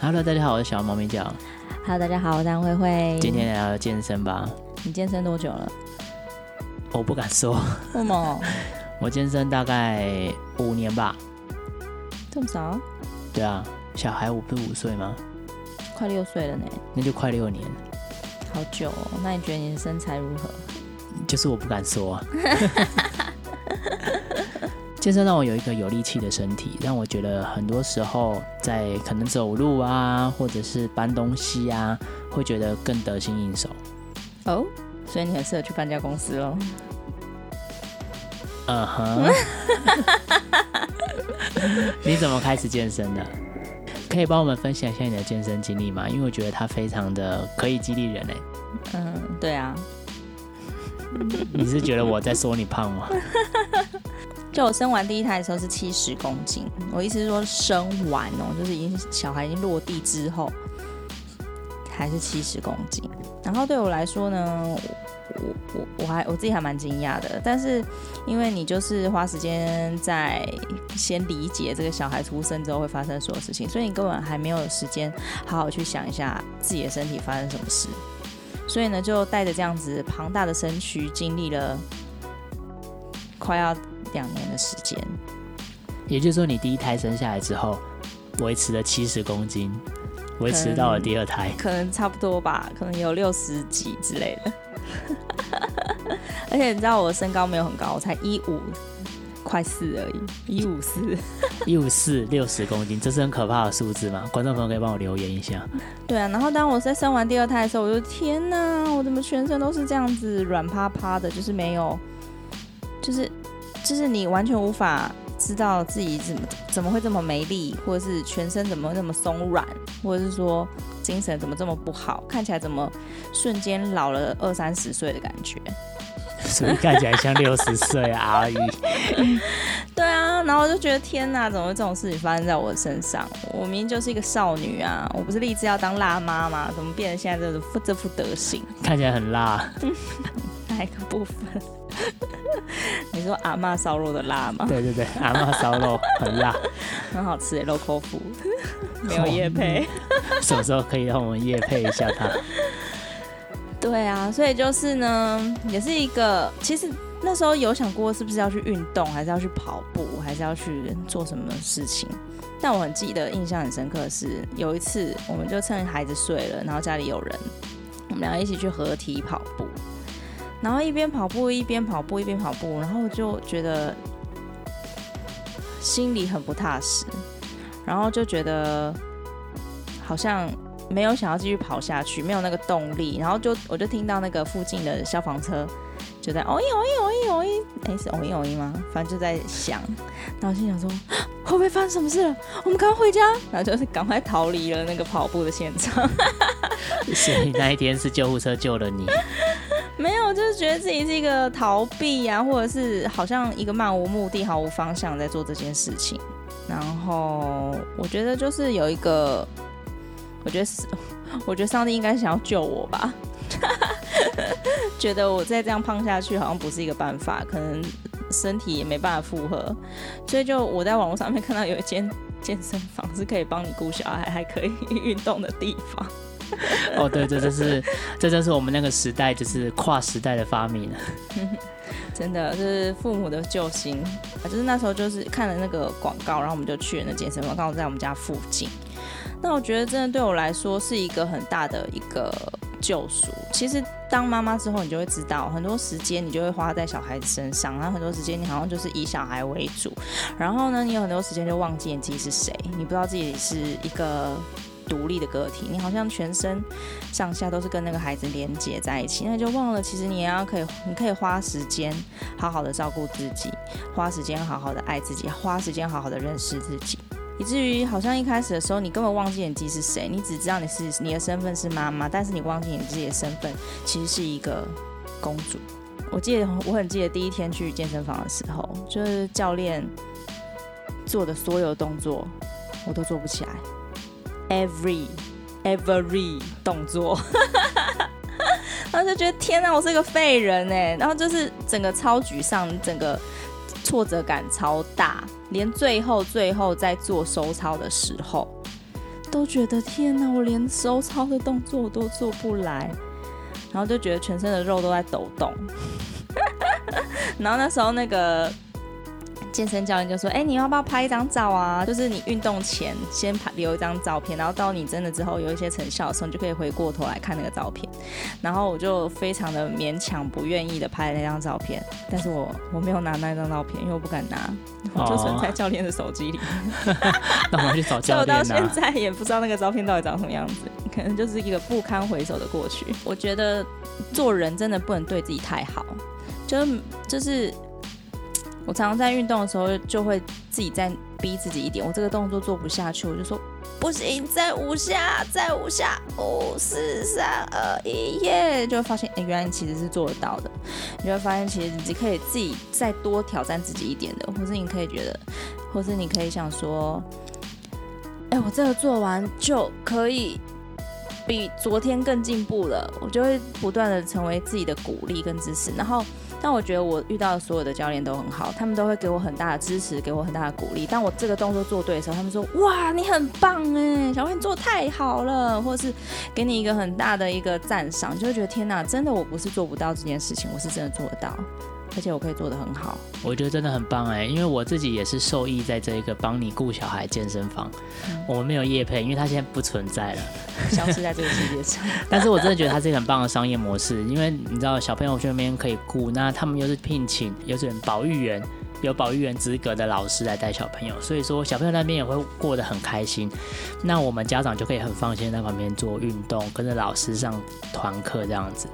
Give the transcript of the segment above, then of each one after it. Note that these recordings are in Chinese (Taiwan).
大 Hello，大家好，我是小貓咪醬。Hello，大家好，我是安慧慧。今天來聊聊健身吧。你健身多久了？我不敢說。為什麼？我健身大概五年吧。這麼少？對啊，小孩五不是五歲嗎？快六歲了呢。那就快六年。好久哦。那你覺得你的身材如何？就是我不敢說。 健身讓我有一個有力氣的身體，讓我覺得很多時候在可能走路啊，或者是搬東西啊，會覺得更得心應手。哦，oh? 所以你很適合去搬家公司囉。嗯哼。你怎麼開始健身的？可以幫我們分享一下你的健身經歷嗎？因為我覺得它非常的可以激勵人嗯、欸，uh, 對啊。 你是覺得我在說你胖嗎？就我生完第一胎的時候是七十公斤，我意思是說生完哦、喔，就是已經小孩已經落地之後，還是七十公斤。然後對我來說呢，我我我還我自己還蠻驚訝的。但是因為你就是花時間在先理解這個小孩出生之後會發生所有事情，所以你根本還沒有時間好好去想一下自己的身體發生什麼事。所以呢，就帶着這樣子龐大的身軀，經歷了快要。兩年的時間，也就是說，你第一胎生下來之後，維持了七十公斤，維持到了第二胎，可能，可能差不多吧，可能也有六十幾之類的。 而且你知道，我身高沒有很高，我才一五快四而已，一五四，一五四，六十公斤，這是很可怕的數字嘛？觀眾朋友可以幫我留言一下。對啊，然後當我在生完第二胎的時候，我就天哪，我怎麼全身都是這樣子軟趴趴的，就是沒有，就是。就是你完全無法知道自己怎麼怎麼會這麼沒力，或者是全身怎麼會那麼鬆軟，或者是說精神怎麼這麼不好，看起來怎麼瞬間老了二三十歲的感覺，所以看起來像六十歲啊阿姨。 對啊，然後我就覺得天哪，怎麼會這種事情發生在我身上？我明明就是一個少女啊，我不是立志要當辣媽嗎？怎麼變成現在這副這副德行？看起來很辣。 哪個部分？ 你說阿嬤燒肉的辣嗎？對對對，阿嬤燒肉很辣， 很好吃，肉口服沒有業配，什麼時候可以讓我們業配一下它？對啊，所以就是呢，也是一個。其實那時候有想過，是不是要去運動，還是要去跑步，還是要去做什麼事情？但我很記得印象很深刻是，有一次我們就趁孩子睡了，然後家裡有人，我們倆一起去合體跑步。然後一邊跑步一邊跑步一邊跑步，然後就覺得心裡很不踏實，然後就覺得好像沒有想要繼續跑下去，沒有那個動力。然後就我就聽到那個附近的消防車就在「哦一哦一哦一哦一」，欸，是「哦一哦一」嗎？反正就在響。然後心想說會不會發生什麼事了？我們趕快回家，然後就是趕快逃離了那個跑步的現場。所以 那一天是救護車救了你。沒有，就是覺得自己是一個逃避啊，或者是好像一個漫無目的、毫無方向在做這件事情。然後我覺得就是有一個，我覺得是，我覺得上帝應該想要救我吧。 覺得我再這樣胖下去好像不是一個辦法，可能身體也沒辦法負荷，所以就我在網絡上面看到有一間健身房是可以幫你顧小孩，還可以運動的地方。 哦，對，對對 這就是，這就是我們那個時代就是跨時代的發明了， 真的，這是父母的救星。就是那時候就是看了那個廣告，然後我們就去了那健身房，剛好在我們家附近。那我覺得真的對我來說是一個很大的一個救贖。其實當媽媽之後，你就會知道很多時間你就會花在小孩子身上，然後很多時間你好像就是以小孩為主，然後呢，你有很多時間就忘記你自己是誰，你不知道自己是一個，獨立的個體，你好像全身上下都是跟那個孩子連接在一起，那你就忘了其實你也要可以，你可以花時間好好的照顧自己，花時間好好的愛自己，花時間好好的認識自己，以至於好像一開始的時候，你根本忘記你自己是誰，你只知道你是你的身份是媽媽，但是你忘記你自己的身份其實是一個公主。我記得我很記得第一天去健身房的時候，就是教練做的所有的動作，我都做不起來。Every，every Every 動作， 然後就覺得天哪、啊，我是個廢人。然後就是整個超沮喪，整個挫折感超大，連最後最後在做收操的時候，都覺得天哪、啊，我連收操的動作都做不來，然後就覺得全身的肉都在抖動， 然後那時候那個。健身教練就說：“哎、欸，你要不要拍一張照啊？就是你運動前先拍留一張照片，然後到你真的之後有一些成效的時候，你就可以回過頭來看那個照片。然後我就非常的勉強不願意的拍那張照片，但是我我沒有拿那張照片，因為我不敢拿，哦、我就存在教練的手機裡，那 我要去找教練、啊。我到現在也不知道那個照片到底長什麼樣子，可能就是一個不堪回首的過去。我覺得做人真的不能對自己太好，就是就是。”我常常在運動的時候，就會自己再逼自己一點。我這個動作做不下去，我就說不行，再五下，再五下，五四三二一，耶！就會發現，哎、欸，原來你其實是做得到的。你就會發現，其實你可以自己再多挑戰自己一點的，或是你可以覺得，或是你可以想說，哎、欸，我這個做完就可以比昨天更進步了。我就會不斷的成為自己的鼓勵跟支持，然後。但我覺得我遇到的所有的教練都很好，他們都會給我很大的支持，給我很大的鼓勵。當我這個動作做對的時候，他們說：“哇，你很棒哎，小朋友你做得太好了！”或者是給你一個很大的一個讚賞，就會覺得天哪，真的，我不是做不到這件事情，我是真的做得到。而且我可以做得很好，我覺得真的很棒哎、欸！因為我自己也是受益在這個幫你雇小孩健身房，嗯、我們沒有業配，因為他現在不存在了，消失在這個世界上。但是我真的覺得他是一個很棒的商業模式， 因為你知道小朋友去那邊可以雇，那他們又是聘請有準保育員，有保育員資格的老師來帶小朋友，所以說小朋友那邊也會過得很開心。那我們家長就可以很放心在旁邊做運動，跟着老師上團課這樣子。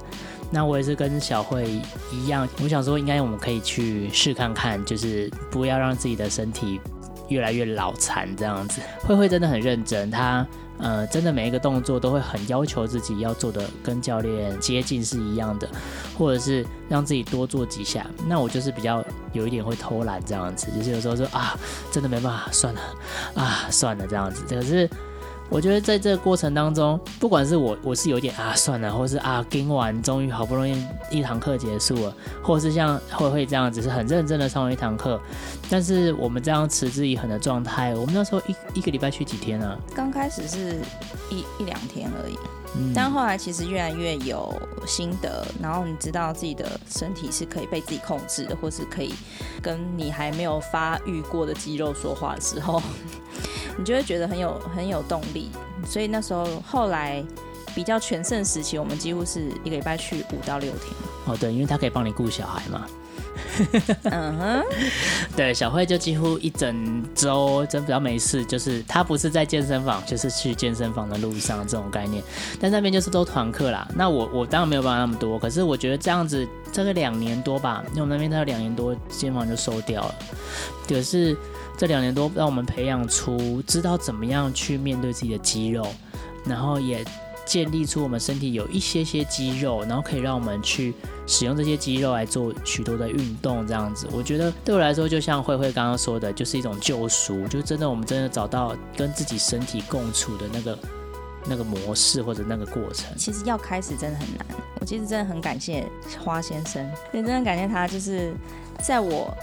那我也是跟小慧一樣，我想說應該我們可以去試看看，就是不要讓自己的身體越來越老殘這樣子。慧慧真的很認真，她呃真的每一個動作都會很要求自己要做得跟教練接近是一樣的，或者是讓自己多做幾下。那我就是比較有一點會偷懶這樣子，就是有時候說啊真的沒辦法算了啊算了這樣子，可是。我覺得在這個過程當中，不管是我，我是有點啊，算了，或是啊，今晚終於好不容易一堂課結束了，或是像慧慧這樣子是很認真的上完一堂課，但是我們這樣持之以恆的狀態，我們那時候一一個禮拜去幾天呢、啊？剛開始是一一兩天而已，嗯，但後來其實越來越有心得，然後你知道自己的身體是可以被自己控制的，或是可以跟你還沒有發育過的肌肉說話的時候。你就會覺得很有很有動力，所以那時候後來比較全盛時期，我們幾乎是一個禮拜去五到六天。哦，對，因為他可以幫你顧小孩嘛。嗯哼， uh huh. 對，小慧就幾乎一整週真比較沒事，就是她不是在健身房，就是去健身房的路上的這種概念。但那邊就是都團課啦，那我我當然沒有辦法那麼多，可是我覺得這樣子，這個兩年多吧，因為我們那邊大概兩年多健身房就收掉了，可、就是這兩年多讓我們培養出知道怎麼樣去面對自己的肌肉，然後也。建立出我們身體有一些些肌肉，然後可以讓我們去使用這些肌肉來做許多的運動，這樣子，我覺得對我來說，就像慧慧剛剛說的，就是一種救贖，就是真的，我們真的找到跟自己身體共處的那個那個模式或者那個過程。其實要開始真的很難，我其實真的很感謝花先生，也真的感謝他，就是在我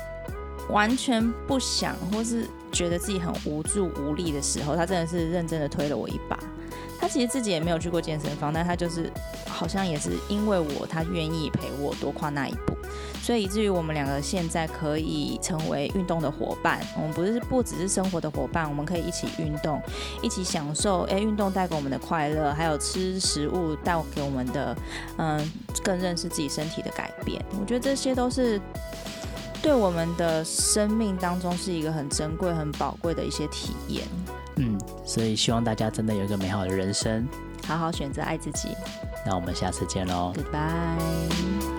完全不想或是覺得自己很無助無力的時候，他真的是認真的推了我一把。他其實自己也沒有去過健身房，但他就是好像也是因為我，他願意陪我多跨那一步，所以以至於我們兩個現在可以成為運動的夥伴。我們不是不只是生活的夥伴，我們可以一起運動，一起享受誒，運動帶給我們的快樂，還有吃食物帶給我們的嗯更認識自己身體的改變。我覺得這些都是對我們的生命當中是一個很珍貴、很寶貴的一些體驗。所以希望大家真的有一個美好的人生，好好選擇愛自己。那我們下次見嘍，Goodbye。